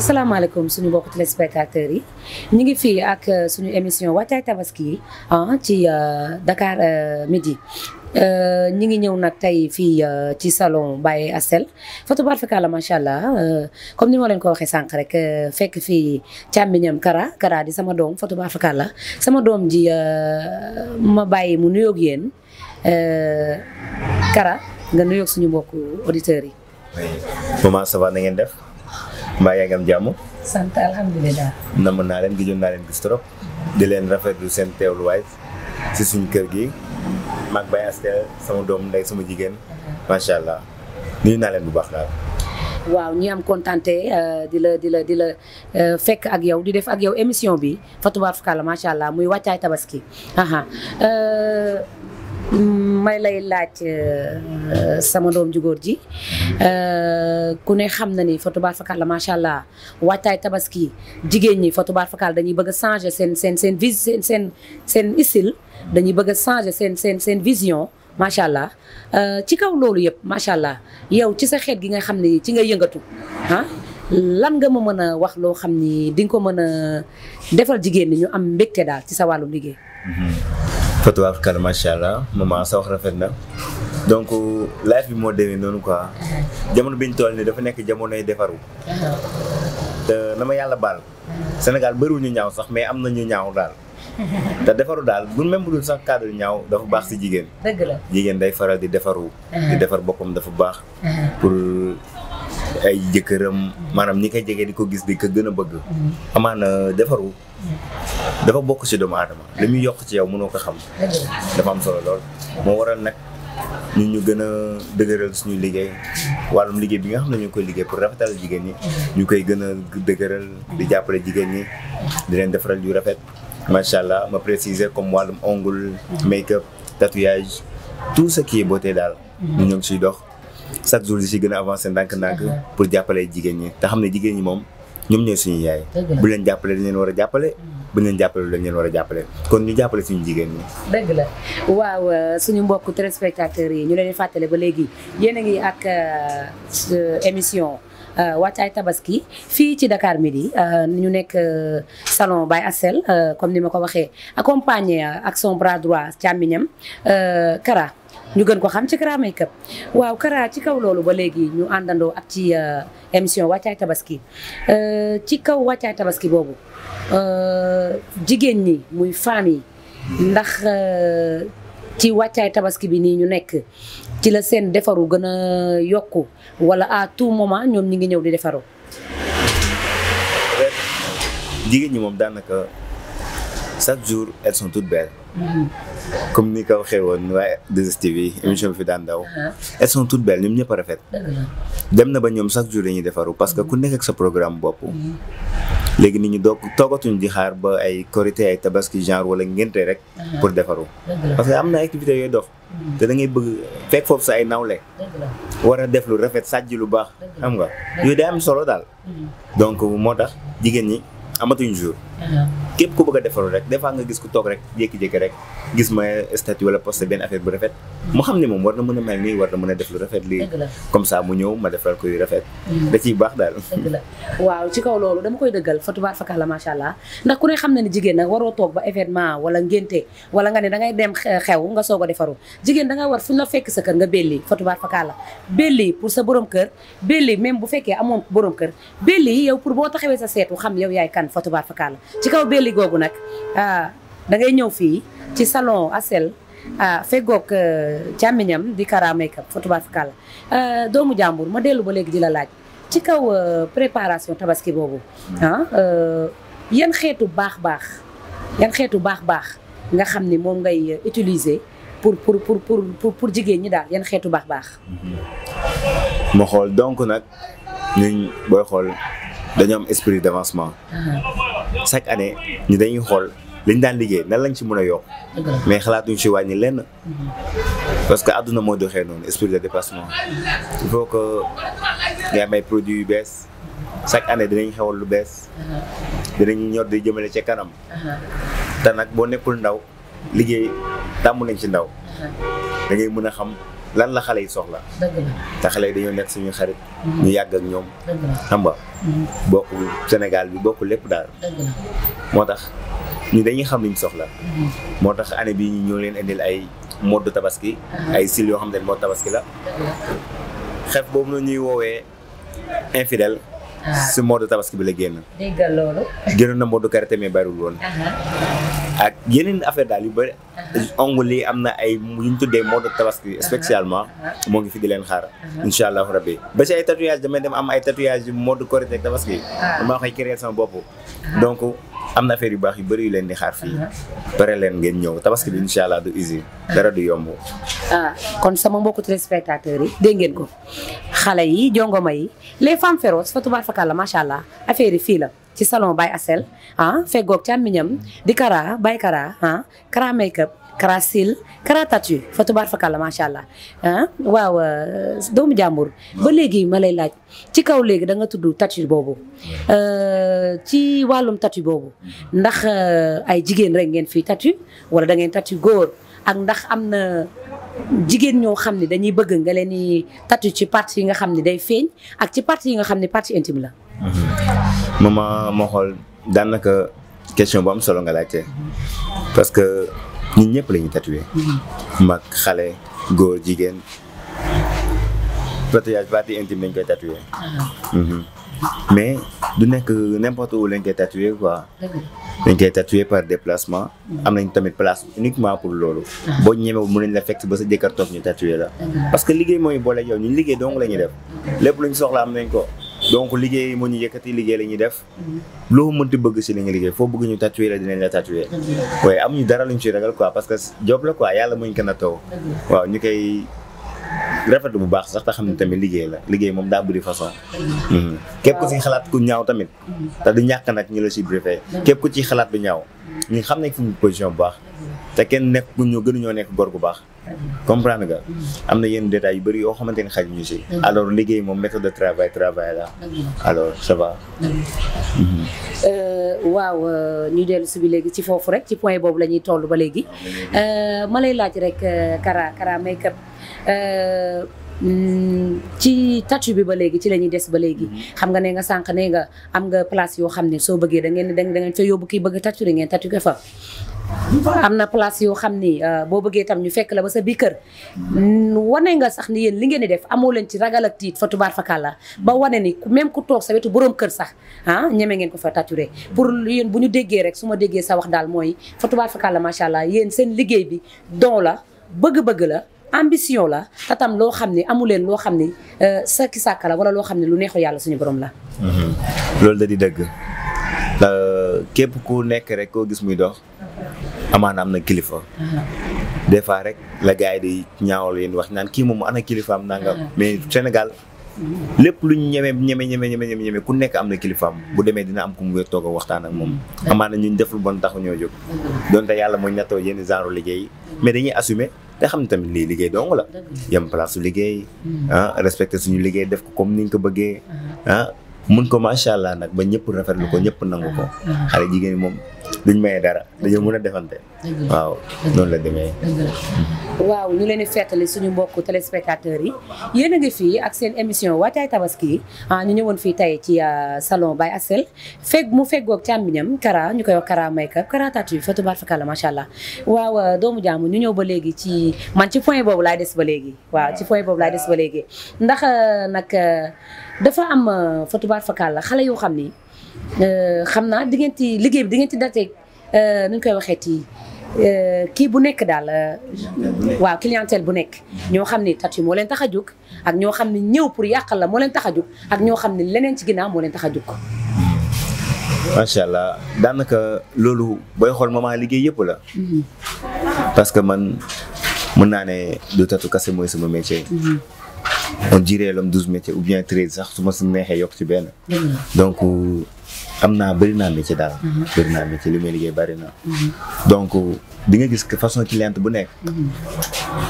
asalaamaaleykum suñu mbokki téléspectateurs yi ñu ngi fii ak euh, suñu émission wàccaay tabaski yi ah ci euh, Dakar euh, midi ñi ngi ñëw nag tey fii ci salon bàyyi Astel Fatou Barfakala macha allah comme ni ma leen ko waxee sànq rek fekk fii càmmiñam Kara Kara di sama doom Fatou Barfakala sama doom ji ma bàyyi mu nuyoog yéen Kara nga nuyoog suñu mbokku auditeurs yi. oui maman mbaa yaa ngi am jàmm. sant alhamdulilah. namoon naa leen gisoon naa leen gis di leen rafetlu seen teewluwaay si suñ kër gi. maag Baye Astel sama doom ndey sama jigéen. macha allah nuyu naa leen bu baax daal. waaw ñi am kontante euh, di la di la di la euh, fekk ak yow di def ak yow émission bi Fatou Ba macha allah muy wàccaay tabaski. may lay laaj euh, sama doom ju góor ji euh, ku ne xam na ni fa tubaarfakal la macha allah waajtaay tabaski jigéen ñi fa tubaarfakal dañuy bëgg a changer seen seen seen vis seen seen seen style dañuy bëgg a changer seen seen seen vision macha allah euh, ci kaw loolu yëpp macha allah yow ci sa xeet gi nga xam ne ci nga yëngatu ah lan nga ma mën a wax loo xam ni di nga ko mën a defal jigéen ñi ñu am mbekke daal ci sa wàllu liggéey. Mm-hmm. Fatou Kalla macha allah maman sa wax rafet na donc life bi moo demee noonu quoi. jamono bi ñu toll nii dafa nekk jamonoy defaru. te na ma yàlla baal. Sénégal bariwuñu ñaaw sax mais am na ñu ñaaw daal. te defaru daal bu même bu dul sax cadre ñaaw dafa baax si jigéen. jigéen day faral di defaru. di defar boppam dafa baax. pour ay jëkkëram maanaam ñi koy jege di ko gis di ko gën a bëgg. Mm-hmm. amaana defaru. dafa bokk ci doomu aadama li muy yokk ci yow mënoo ko xam dafa am solo lool moo waral nag ñun ñu gën a dëgëral suñu liggéey wàllum liggéey bi nga xam ne ñu ngi koy liggéey pour rafetal jigéen ñi ñu koy gën a dëgëral di jàppale jigéen ñi di leen defaral yu rafet macha allah ma préciser comme wàllum ongul make up tatouage tout sa kii est daal mhm. ñu ñoo ngi siy dox chaque jour di si gën a avancé ndànk-ndànk mhm. pour jàppale jigéen ñi te xam ne jigéen ñi moom ñoom ñooy suñu yaay bu leen jàppalee dañ leen war a jàppale bu leen jàppale lu a jàppale kon ñu jàppale suñu jigéen ñi. dëgg la waaw euh, suñu mbokk téléspectateurs yi ñu leen di fàttale ba léegi yéen a ngi ak euh, euh, émission wàccaay tabaski fii ci Dakar Midi ñu nekk salon Baye Assel comme ni ma ko waxee accompagné ak son bras droit càmmiñam Kara ñu gën ko xam ci Kara Makeup waaw Kara ci kaw loolu ba léegi ñu àndandoo ak ci euh, émission wàccaay tabaski euh, ci kaw wàccaay tabaski boobu euh, jigéen ñi muy femmes yi ndax ci wàccaay tabaski bi nii ñu nekk ci la seen defaru gën a yokk wala à tout moment ñoom ñu ngi ñëw di defaru jigéen ñi moom daanaka chaque jour elles sont toutes belles comme ni ko waxee woon waaye 2STV yi émission bi fi daan daw uh-huh. elles sont toutes belles ñoom ñëpp a rafet dem na ba ñoom chaque jour dañuy defaru parce que ku nekk ak sa programme bopp uh-huh. léegi nit ñu doog toogatuñ di xaar ba ay korité ay tabaski genre wala ngénte rek uh-huh. pour defaru parce que am na activité yooyu dox te da ngay bëgg fekk foofu sa ay nawle war a def lu rafet sàjj lu baax xam nga yooyu day am solo daal donc moo tax jigéen ñi amatuñ jour képp ku bëgg a defaru rek defaa nga gis ku toog rek jékki-jékki rek gis ma statut wala posté benn affaire bu rafet hmm. mu xam ne moom war na mën a mel nii war na mën a def lu rafet lii comme ça mu ñëw ma defar ko rafet hmm. da ciy baax daal waaw ci kaw loolu dama koy dëggal fatubaar fakkax la macha allah ndax ku ne xam na ne jigéen nag waroo toog ba événement wala ngénte wala nga ne da ngay dem xew nga soo a defaru jigéen da nga war fu ñu la fekk sa kër nga belli fatubaar fakkax la borom kër belli même bu fekkee amoon borom kër belli yow pour boo taxawee sa seetu xam yow yaay kan fatubaar fakkax la ci kaw belli googu nag ah, da ngay ñëw fii ci salon Asel ah feggoog euh, càmmiñam di Kara Makeup fotobafikal euh, doomu jàmbur ma dellu ba léegi di la laaj ci kaw euh, préparation tabaski boobu hmm. ah yan xeetu baax-baax xeetu baax-baax nga xam ni moom ngay utiliser pour pour pour pour pour jigéen ñi daal yan xeetu baax-baax. Hmm. ma xool donk nag ñun booy xool. dañu am esprit d'avancement chaque année ñu dañuy xool li ñu daan liggéey nan lañ ci mun a yokk mais xalaatuñ ci wàññi lenn parce que àdduna mooy doxee noonu esprit de dépassement il faut que nga am ay produits yu bees chaque année dinañ xewal lu bees dinañ ñor di jëmale ci kanam te nag boo nekkul ndaw liggéey tàmm nañ ci ndaw da ngay a xam lan la xale yi soxla te xale yi dañoo nekk suñu xarit mm-hmm. ñu yàgg ak ñoom xam nga mm-hmm. bokk Sénégal bi bokk lépp daal moo tax ñu dañuy xam liñ soxla mm-hmm. moo tax année bi ñu ñoo leen indil ay moddu tabaski uh-huh. ay sil yoo xam ne moo tabaski la xef boobu na ñuy woowee infidel uh-huh. si moddu tabaski bi la génn génn na moddu karité mais bariwul woon uh-huh. ak yeneen affaire daal yu bëri. ongle yi am na ay yu ñu tuddee mode tabaski spécialement. Uh-huh. moo ngi fi di leen xaar. Uh-huh. incha allahu rabbi ba si ay tatouage damay dem am ay tatouage yu mode korite tabaski. Ah. damaa koy créer sama bopp uh-huh. donc. am na affaire yu baax yu bëri leen di xaar fii uh-huh. pare leen ngeen ñëw tabaski bi incha allah du easy dara du yomb. ah kon sama mbokku téléspectateurs yi dégg ngeen ko xale yi jongoma yi les femmes féroces fa tubaab fakal la macha allah affaire yi fii la ci salon Baye Assel ah feggoog càmmiñam di Kara Baye Kara ah Kara make Krasil Kratatou fa tubaar fa kàlla macha allah ah waaw ah, doomu jàmbur ba léegi ma lay laaj ci kaw léegi da nga tudd tatou boobu ah, ci wàllum tatou boobu ndax ah, ay jigéen rek ngeen fi tatou wala da ngeen tatou góor ak ndax am na jigéen ñoo xam ne dañuy bëgg nga leen tattu ci partie yi nga xam ni day feeñ ak ci partie yi nga xam ni partie intime la. Mm-hmm. mama moo xool daanaka question bu solo nga laajte mm-hmm. parce que. ñu ñëpp la ñuy tatoué mm-hmm. mag xale góor jigéen tatouage partie intime lañ koy tatoué ah. mm-hmm. mais du nekk n'importe où lañ koy tatoué quoi dañ koy tatoué par déplacement mm-hmm. am nañ tamit place uniquement pour loolu ah. boo ñemewul mën nañ la fekk ba sa jëkkër toog ñu tatoué la parce que liggéey mooy boole yow ñu liggéey dong la ñuy def lépp luñ soxla am nañ ko donc liggéey moo ñu yëkkati liggéey la ñuy def loo mënti bëgg si li nga liggéey foo bëgg ñu tatouer la dinañ la tatouer waaye am ñu dara lu si ciy ragal quoi parce que job la quoi yàlla muñ ko na taw waaw ñu koy rafet bu baax sax te xam ne tamit liggéey la liggéey moom daa bu bëri façon mhm. képp ku ci xalaat ku ñaaw tamit te du ñàkk nag ñu la si briefé képp ku ci xalaat bu ñaaw ñu xam ne fu mu position bu baax te kenn nekk ñu gënuñoo nekk góor gu baax. comprendre ga am na yenn détails yu bëri yoo xamante ni xaj ñu si. Mm-hmm. alors liggéey moom méthode de travail travail la. Mm-hmm. alors ça va. Mm-hmm. Euh, waaw euh, ñu dellu si bi léegi ci foofu rek ci point boobu la ñuy toll ba léegi ah, euh, ma lay laaj rek Kara Kara Makeup mm, ci tatu bi ba léegi ci la ñuy des ba léegi xam nga ne nga sànq nee nga am nga place yoo xam ne soo bëggee da ngeen da ngeen fa yóbbu kii bëgg tatu da ngeen tatu ko fa am na place yoo xam ni euh, boo bëggee tam ñu fekk la ba sa bii kër wane nga sax ni yéen li ngeen di def amoo leen ci ragal ak tiit fa tubaar fakàlla ba wane ni même ku toog sa wetu borom kër sax ah ñeme ngeen ko fa taturé pour yéen bu ñu déggee rek su ma déggee sa wax daal mooy fa tubaar fakàlla macha allah yéen seen liggéey bi don la bëgg-bëgg la ambition la te tam loo xam ni amu leen loo xam ni euh, sakki sàkka la wala loo xam ne lu neexu yàlla suñu borom la. Mm-hmm. képp ku nekk rek koo gis muy dox amaana am na kilifa des fois rek la gars yi di ñaawal yéen wax naan kii moom ana kilifaam nangam ah. mais Sénégal lépp lu ñu ñeme ñeme ñeme ñeme ku nekk am na kilifaam bu demee dina am ku mu wér toog a waxtaan ak moom mm. amaana ñun def lu bon taxu ñoo jóg mm-hmm. donte yàlla mooy ñettoo yenn genre liggéey mais dañuy assumer te xam ne tamit lii liggéey dong la yem place liggéey mm. ah respecté suñu liggéey def ko comme niñ ko bëggee ah. Ah. mun ko macha allah nag ba ñëpp rafetlu ko ñëpp nangu ko xale jigéen moom duñ maye dara dañoo mën a defante waaw noonu la demee ñu leen di fettali suñu mbokk téléspectateurs yi yéen a ngi fii ak seen émission waataay tabaski ah ñu ñëwoon fii tey ci euh, salon Baye Asel fekk mu feggoog càmbiñam kara ñu koy wax kara makeup kara tattoo fa tubaar fakala allah waaw euh, doomu jaamu ñu ñëw ba léegi ci man ci point boobu laay des ba léegi waaw ci point boobu laay des ba léegi ndax euh, nag dafa am euh, fatubaar fakal la xale yoo xam ni euh, xam naa di ngeen ci liggéey bi di ngeen ci dateeg euh, nu ñu koy waxee ci kii bu nekk daal waaw clientèle bu nekk ñoo xam ni tat yi moo leen tax a jóg ak ñoo xam ni ñëw pour yàqal la moo leen tax a jóg ak ñoo xam ni leneen ci ginna moo leen tax a jóg macha allah daanaka loolu booy xool moment liggéey yëpp la mm-hmm. parce que man mën naa ne du tatu kase mooy sama métier mm-hmm. on dirait l'homme douze métiers ou bien treize sax su ma si neexee yokk ci benn. donc am naa bëri naa métier daal. Mhm. bëri naa métier li may liggéey bëri na. Mhm. donc di nga gis que façon cliente bu nekk. Mhm.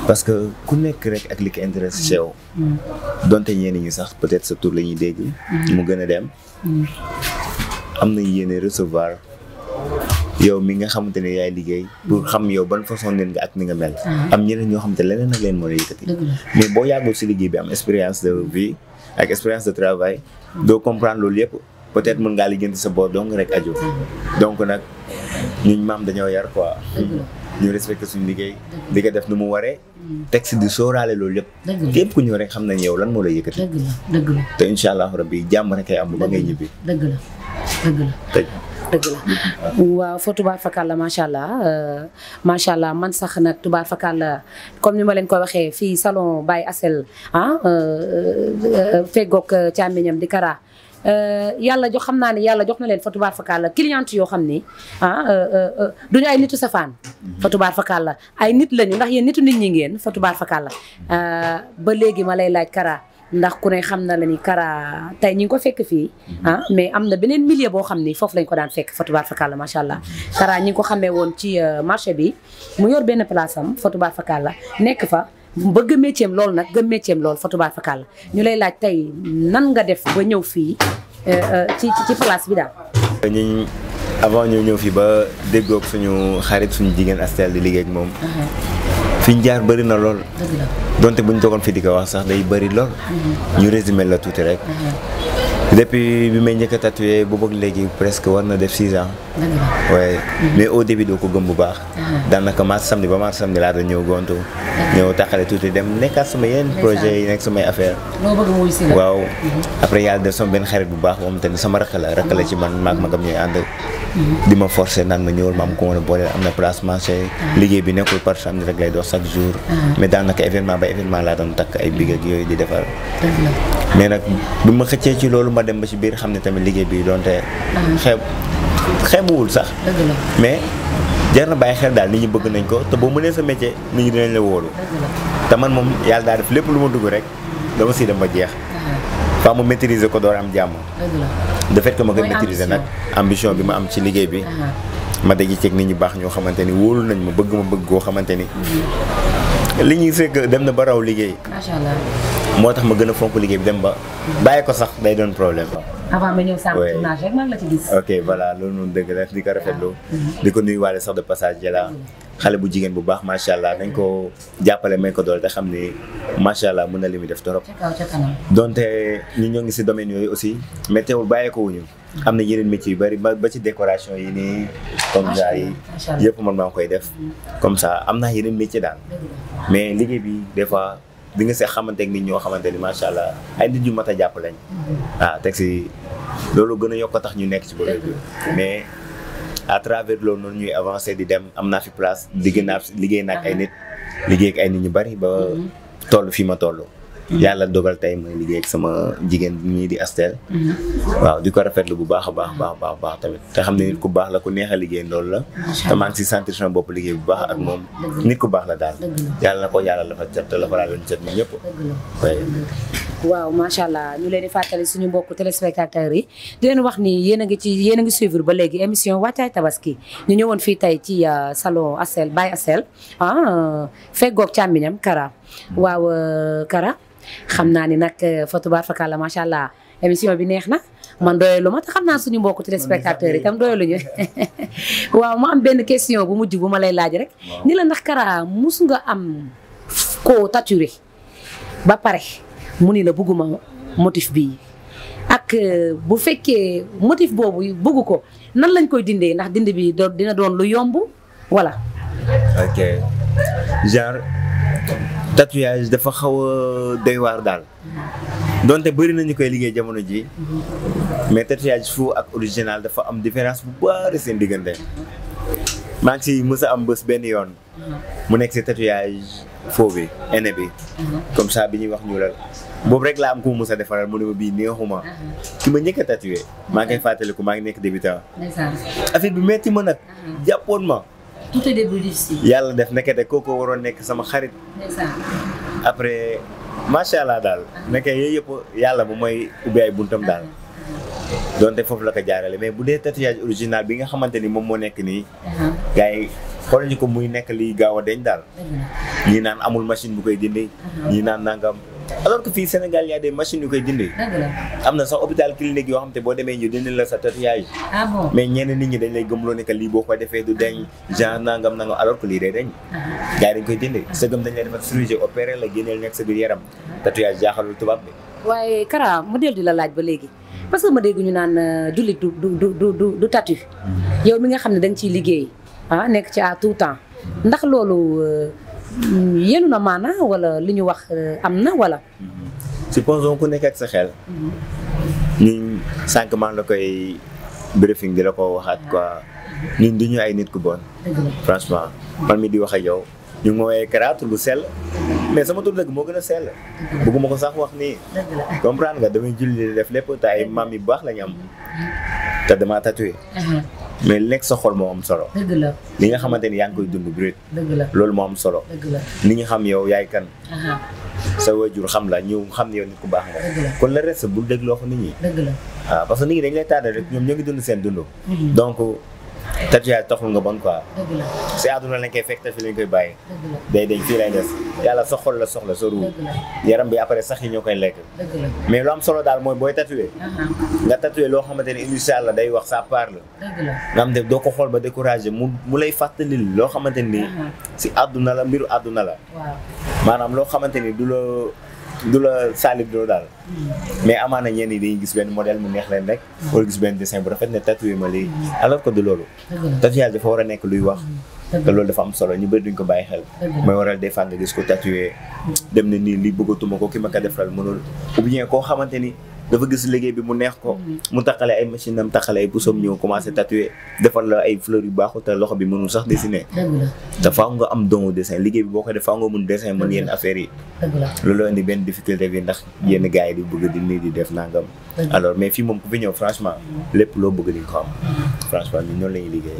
parce que ku nekk rek ak li ko intéressé ci donte ñenn ñi sax peut-être sa tour la ñuy dégg. mu gën a dem. am na yéene recevoir. yow mi nga xamante ne yaay liggéey pour xam yow ban façon neen nga ak ni nga mel ah. am ñeneen ñoo xamante leneen ak leen moo la yëkkati mais boo yàggul si liggéey bi am expérience de vie ak expérience de travail ah. doo comprendre loolu yëpp peut-être mën ngaa liggéeyante sa boor donc rek aju ah. donc nag ñuñ maam dañoo yar quoi ñu respecté suñu liggéey di ko def nu mu waree hmm. texte di sóoraale loolu lépp képp ku ñëw rek xam nañ yow lan moo lay yëkkati dëgg la dëgg la te incha allah rabbi dëgg waaw fa tubaar fakal la macha allah euh, macha allah man sax nag tubaar fakal la comme ni ma leen ko waxee fii salon Baye Assel fegook ah, euh, euh, feggoog càmmiñam di Kara. yàlla jox xam naa ne yàlla jox na leen fa tubaar fakal la cliente yoo xam ni ah duñu ay nitu safaan. fa tubaar fakal la ay nit lañu ndax yéen nitu nit ñi ngeen fa tubaar la ba léegi ma lay laaj Kara. ndax ku ne xam na la ni Kara tey ñu ngi ko fekk fii mhm. ah mais am na beneen milieu boo xam ni foofu lañ ko daan fekk Fatou Bar Fakala macha allah Kara ñi ngi ko xamee woon ci euh, marché bi mu yor benn place am Fatou Bar Fakala nekk fa ba gëm métier am lool nag gëm métier am lool Fatou Bar ñu lay laaj tey nan nga def ba ñëw fii euh, euh, ci ci bi daal. ñi avant ñoo ñëw fii ba déggook suñu xarit suñu jigéen a Astel di liggéey moom. Uh-huh. fiñ jaar bëri na lool. donte bu ñu toogoon fi di ko wax sax day bëri lool. ñu résumé la tuuti rek. Mhm. depuis bi may njëkk a tatoué boobu léegi presque war na def 6 ans. waaye mais au début doo ko gëm bu baax uh-huh. daanaka mars samedi ba mars samedi laa doon ñëw gontu ñëw taxale tuuti dem nekkaat sama yeneen projet yi nekk samay affaire waaw uh-huh. après yàlla def sama benn xarit bu baax moom tamit sama rakk la rakk la ci man maag uh-huh. magam ñooy ànd di ma forcer naan ma ñëwal ma ko boole am na place marché liggéey bi nekkul par samedi rek lay doo chaque jour mais daanaka événement ba événement laa doon takk ay big ak yooyu di defar mais nag bi ma xëccee ci loolu ma dem ba ci biir xam ne tamit liggéey bi donte xeeb xeebuwul sax. mais jar na bàyyi xel daal nit ñi bëgg nañ ko te boo mënee sa métier nit ñi dinañ la wóolu. te man moom yàlla daal def lépp lu ma dugg rek dama siy dem ba jeex. faa mu maîtriser ko door am jàmm. dëgg la ma koy maîtriser nag. ambition bi ma am ci liggéey bi. ma daje ceeg nit ñu baax ñoo xamante ni wóolu nañ ma bëgg ma bëgg koo xamante ni li ñuy fekk dem na ba raw liggéey. moo tax ma gën a fonk liggéey bi dem ba bàyyi ko sax day doon problème. avant ma ñëw sàmm tournage rek maa ngi la ci gis. ok voilà loolu noonu dëgg la di ko rafetlu. Ah. di ko nuyuwaale sax de passage Jalla. Mm-hmm. xale bu jigéen bu baax macha allah nañ ko jàppale may ko doole te xam ni macha allah mën na li muy def torop donte ñu ñoo ngi si domaine yooyu aussi mais teewul ñu am na yeneen métier yu bari ba ba ci décoration yi nii comme ça yi yëpp man maa koy def comme ça am na yeneen métier daal mais liggéey bi des fois di nga see xamante ak nit xamante ni macha allah ay nit ñu mat a jàpp lañ waaw ah, teg si loolu gën a yokk a tax ñu nekk ci bërëb bi mais à travers loolu noonu ñuy avancé di dem am naa fi place liggéey naa liggéey naa ay nit liggéey ak ay nit ñu bari ba mm-hmm. toll fii ma toll. Mm-hmm. yàlla dogal tey may liggéey ak sama jigéen ñii di Astel. Mm-hmm. waaw di ko rafetlu bu baax a baax baax baax baax tamit te xam ne nit ku baax la ku neex a liggéey loolu la. te maa si sentir sama bopp liggéey bu baax ak moom. nit ku baax la daal. yàlla na ko yàlla la fa jot la fa laal leen jot ñun ñëpp. waaw macha allah ñu leen di fàttali suñu mbokku téléspectateurs yi di leen wax ni yéen a ngi ci yéen ngi suivre ba léegi émission wàccaay tabaski ñu ñëwoon fii tey ci euh, salon Asel Baye Asel ah feggoog càmmiñam Kara waaw euh, Kara xam naa ni nag euh, fa tabaarakalla macha allah émission bi neex na man doyalu ma te xam naa suñu mbokku téléspectateurs yi tam doyalu ñu waaw mu am benn question bu mujj bu ma lay laaj rek ni la ndax Kara mus nga am koo ba pare. mu nii la bëgguma motif bii ak euh, bu fekkee motif boobu bëgg ko nan lañ koy dindee ndax dind bi dina doon lu yomb voilà. ok genre tatouage dafa xaw a doy waar daal donte bëri nañu koy liggéey jamono ji mais tatouage faux ak original dafa am différence bu bari seen diggante maa ngi si mës a am bës benn yoon mu nekk si tatouage. faux bi bi. Mhm. comme ça bi ñuy wax ñuulal. boobu rek laa am ku mu mës a defaral mu ne ma bii neexuma. Mhm. ki ma njëkk a maa ngi koy ko maa ngi nekk débutant. affaire bi metti ma nag. Mhm. jàppoon ma. tout est yàlla def nekkete kooku waroon nekk sama xarit. après macha allah daal. nekkee yooyu yëpp yàlla bu mooy ubbi ay buntam daal. donte foofu la ko jaarale mais bu dee tatouage original bi nga xamante ni moom moo nekk nii. xool ñu ko muy nekk lii gaaw a deñ daal ñii naan amul machine bu koy dindi ñii uh-huh. naan nangam alors que fii Sénégal y a machine yu koy dindi am na sax hôpital clinique yoo xam te boo demee ñu dindi la sa tatouage ah mais ñenn nit ñi dañ lay gëmloo ne que lii boo ko defee du deñ genre nangam nangam alors que lii day deñ uh-huh. dañ koy dindi uh-huh. sëgëm dañ lay defal chirurgie opéré la génneel nekk sa biir tubaab bi waaye Kara mu del di la laaj ba léegi parce que ma dégg ñu naan euh, jullit du du du du du tatu mm-hmm. yow mi nga xam ne da ciy liggéey ah nekk ci à tout temps ndax loolu euh, yéenu na maana wala li ñu wax euh, am na wala. supposons ku nekk sa xel. ñun sànq la koy briefing di la ko waxaat quoi ñun du ñu ay nit ku bon. franchement man mi di wax ak yow. ñu ngi woowee Kara sel mais sama tur dëgg moo gën a sell bëgguma ko sax wax ni comprendre nga damay julli def lépp te ay maam baax la ñu am te damaa mais lekk sa xol moo solo. dëgg li nga xamante ni yaa ngi koy dund bu dëgg loolu moom am solo. dëgg la ni ñu xam yow yaay kan. sa waajur xam la ñëw xam ne yow nit ku baax nga. kon le reste bul dégloo ko nit ñi. dëgg la waaw ah, parce que nit ñi dañ lay tardé rek ñoom ñoo ngi dund seen dund. Mhm. donc tatouage taxul nga bon quoi. dëgg la si àdduna lañ koy fekk te fi lañ koy bàyyi. la day day fii lay des. yàlla sa xol la soxla sa ruu. yaram bi après sax yi ñoo koy lekk. mais lu am solo daal mooy booy tatoué. nga tatoué loo xamante ne incha day wax ça parle. la nga xam te doo ko xool ba découragé mu lay fàttali loo xamante ni. si àdduna la mbiru àdduna la. maanaam loo xamante ni du la. du la saalib doo daal mais amaana ñenn yi dañuy gis benn modèle mu neex leen rek wala gis benn dessin bu rafet ne tatoué ma léegi alors que du loolu tatouage dafa war a nekk luy wax te loolu dafa am solo ñu bëri duñ ko bàyyi xel mooy waral des fois gis ko tatoué dem na nii lii bëggatuma ko ki ma ko defaral mënul ou bien koo xamante ni dafa gis liggéey bi mu neex ko mm-hmm. mu taqale ay machine am taqale ay pusoom ñëw commencé tatoué defal la ay fleur yu baaxu te loxo bi mënul sax dessiné te faaw nga am don dessin liggéey bi boo ko def faaw nga mun dessin mën yenn affaires yi loolu indi benn difficulté bi ndax yenn gars yi di bëgg di nii di def nangam alors mais fii moom ku fi ñëw franchement mm-hmm. lépp loo bëgg di ko am mm-hmm. franchement noonu la ñuy liggéey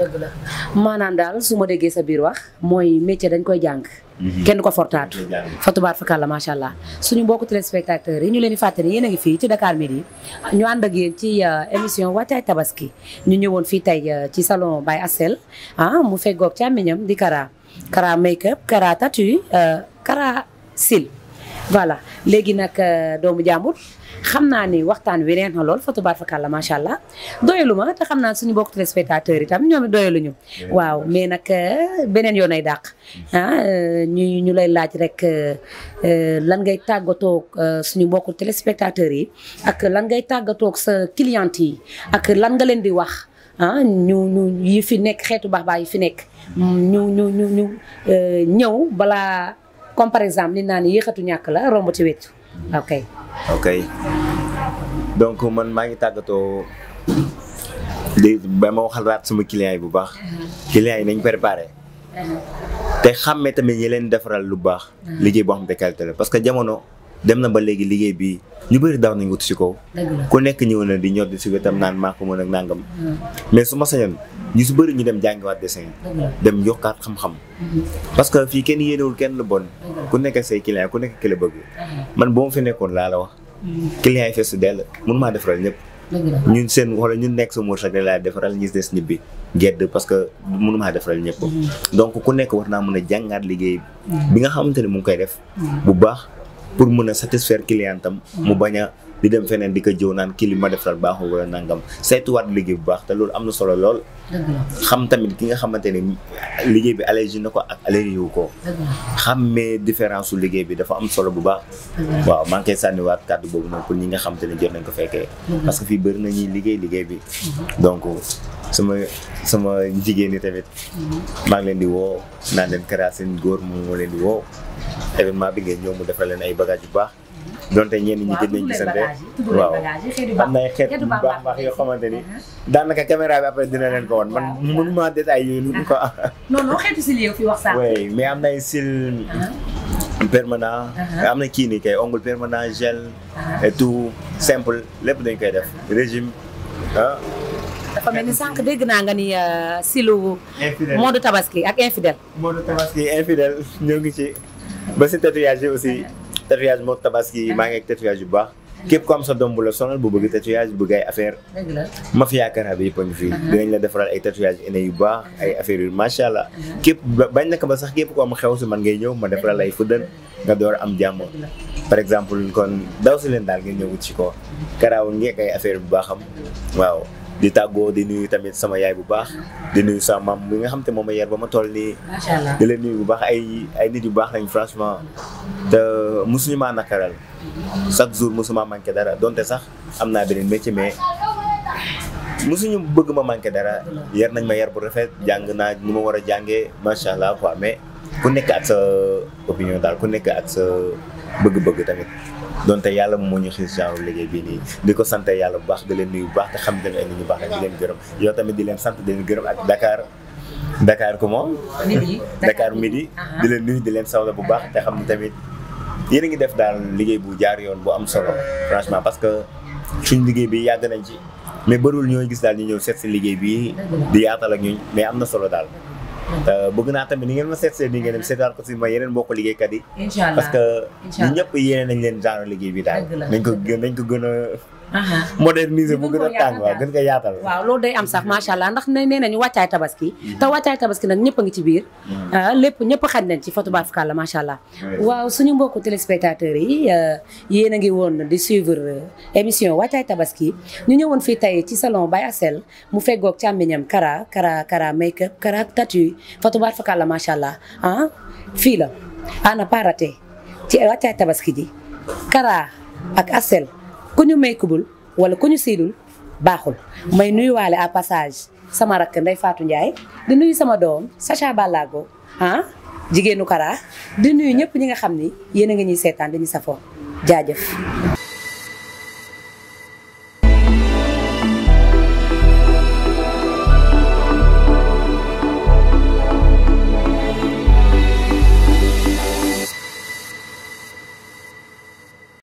maanaam daal su ma déggee sa biir wax mooy métier dañ koy jàng Mhm. kenn ko fortaatu fatubaar fakàlla macha allah suñu mbokku téléspectateurs yi ñu leen di fàttali yéen a ngi fii ci Dakar Midi ñu ànd ak yéen ci euh, émission wàccaay tabaski ñu ñëwoon fii tey euh, ci salon Baye Assel ah mu feggoog càmmiñam di Kara Kara make up Kara tattoo euh, Kara sil voilà léegi nag euh, doomu jàmbur xam naa ni waxtaan wi neex na lool fa tubaar fakàlla macha allah doyalu te xam naa suñu bokk yi tam ñoom doyalu waaw mais nag euh, beneen yoon ay dàq mm. ah euh, ñu ñu lay laaj rek lan ngay tàggatoog suñu bokk téléspectateurs yi ak lan ngay tàggatoog sa clientes yi ak lan nga leen di wax ah ñu yi fi nekk xeetu baax baax fi nekk mm, ñu ñu ñu ñu ñëw balaa comme par exemple ni naan ne yéexatu ñàkk la romb ci wéccu ok ok donc man maa ngi tàggatoo léegi ba ma xalaat sama client yi bu baax uh-huh. client yi nañ préparé uh-huh. te xàmmee tamit ñi leen defaral lu baax uh-huh. liggéey boo xam ne qualité la parce que jamono dem na ba léegi liggéey bi ñu bëri daaw nañ wut si kaw ku nekk ñëw na di ñor di si wetam naan maa ko mën ak nangam hmm. mais su ma sañoon ñu si bëri ñu dem jàngiwaat dessin dem yokkaat xam-xam hmm. parce que fii kenn yéenewul kenn lu bon ku nekk say client ku nekk ki hmm. man boo fi nekkoon laa la wax client yi fees dell mun maa defaral ñëpp ñun seen wala ñun nekk sa mursak la laa defaral ñi des ñibbi gedd parce que mënu maa defaral ñëpp donc ku nekk war naa mën a jàngaat liggéey bi nga xamante ne mu ngi koy def bu baax pour mën a satisfaire clientam mu mm. bañ a di dem feneen di ko jëw naan kii li ma defal baaxul wala nangam saytuwaat liggéey bu baax te loolu am na solo lool. xam tamit ki nga xamante ne liggéey bi allergie na ko ak allergie wu ko. xàmmee différence su liggéey bi dafa am solo bu baax. waaw maa ngi koy sànniwaat kàddu boobu noonu pour ñi nga xamante ne jot nañ ko fekkee. parce que fii bëri na ñuy liggéey liggéey bi. Mhm. donc sama sama jigéen ñi tamit. Mhm. maa ngi leen di woo naan leen Kara seen góor moom moo leen di woo événement bi ngeen mu defal leen ay bagages yu baax. donte ñenn ñi gëj nañ gisante waaw am na xeet baax baax yoo xamante ni daanaka caméra bi après dina leen ko won man mënu maa détail yooyu lu ko mais am na ay sil permanent am na kii nii kay ongle permanent gel et tout simple lépp dañ koy def régime ah dafa dégg naa nga ni euh, silu mode tabaski ak infidèle mode tabaski infidèle ñoo ngi ci ba si tatouage aussi tatouage moog tabaski maa ngi ak tatouage bu baax képp ko am sa doom bu la sonal bu bëgg tatouage bëgg ay affaire mafia karaab yëpp a ngi fii dinañ la defaral ay tatouage ene yu baax ay affaire yu macha allah képp bañ na ko ba sax képp ku am xew si man ngay ñëw ma defaral ay fëddën nga door am jàmm par exemple kon daw si leen daal ngeen ñëw wut si ko karaawul ngeek ay affaire bu baax am waaw di tàggoo di nuyu tamit sama yaay bu baax di nuyu saa maam bi nga xam te moom a yar ba ma toll nii. macha allah nuyu bu baax ay ay nit yu baax lañ franchement te mosuñu maa nakaral chaque jour mosuma manqué dara donte sax am naa beneen métier mais mosuñu bëgg ma manqué dara yar nañ ma yar bu rafet jàng naa nu ma war a jàngee macha allah quoi mais ku nekk ak sa opinion daal ku nekk ak sa bëgg-bëgg tamit. donte yàlla moo ñu xiis genre liggéey bii nii di ko sant yàlla bu baax di leen nuyu bu baax te xam ne ay ñu baax la di leen gërëm yow tamit di leen sant di leen ak Dakar Dakar comment Dakar midi uh-huh. di leen nuyu di leen sawla bu baax te xam ne tamit yéen a ngi def daal liggéey bu jaar yoon bu am solo franchement parce que suñ liggéey bi yàgg nañ ci mais bërul ñooy gis daal ñu ñëw seet si liggéey bi di yaatal ak ñu mais am na solo daal Euh, bëgg naa tamit ni ngeen ma seet seet nii ngeen ma yeneen mbokk liggéeykat yi parce que ñu ñëpp yéene nañ leen nañ ko gën a moderniser bu gën a tàng waaw lool day am sax macha allah ndax ne nee nañu wàccaay tabaski mm-hmm. te wàccaay tabaski nag ñëpp ngi ci biir mm-hmm. ah, lépp ñëpp xaj nañ ci Fatou Bass Kalla macha allah waaw suñu mbokku téléspectateurs yi ah, yéen a ngi woon di suivre euh, émission wàccaay tabaski ñu ñëwoon fii tey ci salon bay Assel mu feggoog càmmiñam Kara Kara Kara make-up Kara tattoo Fatou Bass Kalla macha allah ah, fii la ana parate ci wàccaay tabaski ji Kara ak Assel ku ñu maykubul wala ku ñu siidul baaxul may nuyuwaale à passage sama rakk Ndeye faatu Ndiaye di nuyu sama doom Sacha Balago ah jigéenu Kara di nuyu ñëpp ñi nga xam ni yéen a ngi ñuy seetaan dañuy safoo jaajëf.